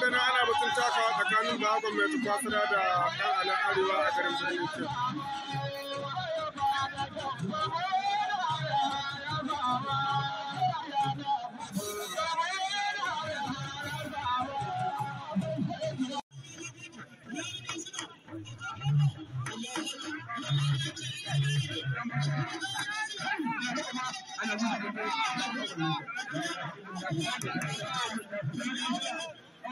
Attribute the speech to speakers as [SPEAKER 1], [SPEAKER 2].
[SPEAKER 1] yan ana batun takawa tsakanin bahagon mai tukwasira da a garin birnin Thank you.